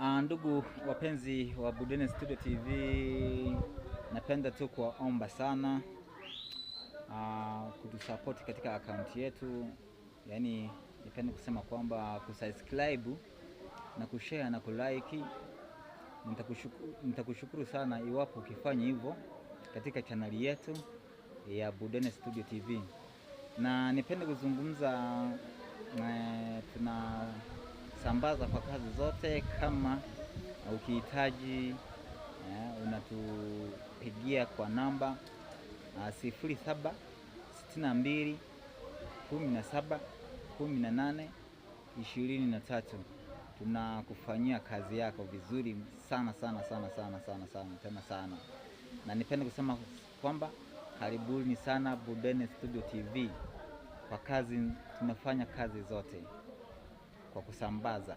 Uh, ndugu wapenzi wa Budene Studio TV, napenda tu kuwaomba sana uh, ah, kutusapoti katika akaunti yetu, yaani nipende kusema kwamba kusubscribe na kushare na kulike. Nitakushukuru, nitakushukuru sana iwapo ukifanya hivyo katika chaneli yetu ya Budene Studio TV, na nipende kuzungumza sambaza kwa kazi zote. Kama ukihitaji eh, unatupigia kwa namba ah, sifuri saba sitini na mbili kumi na saba kumi na nane ishirini na tatu. Tunakufanyia kazi yako vizuri sana sana sana sana sana sana tena sana, na nipende kusema kwamba karibuni sana Budene Studio TV kwa kazi, tunafanya kazi zote kwa kusambaza.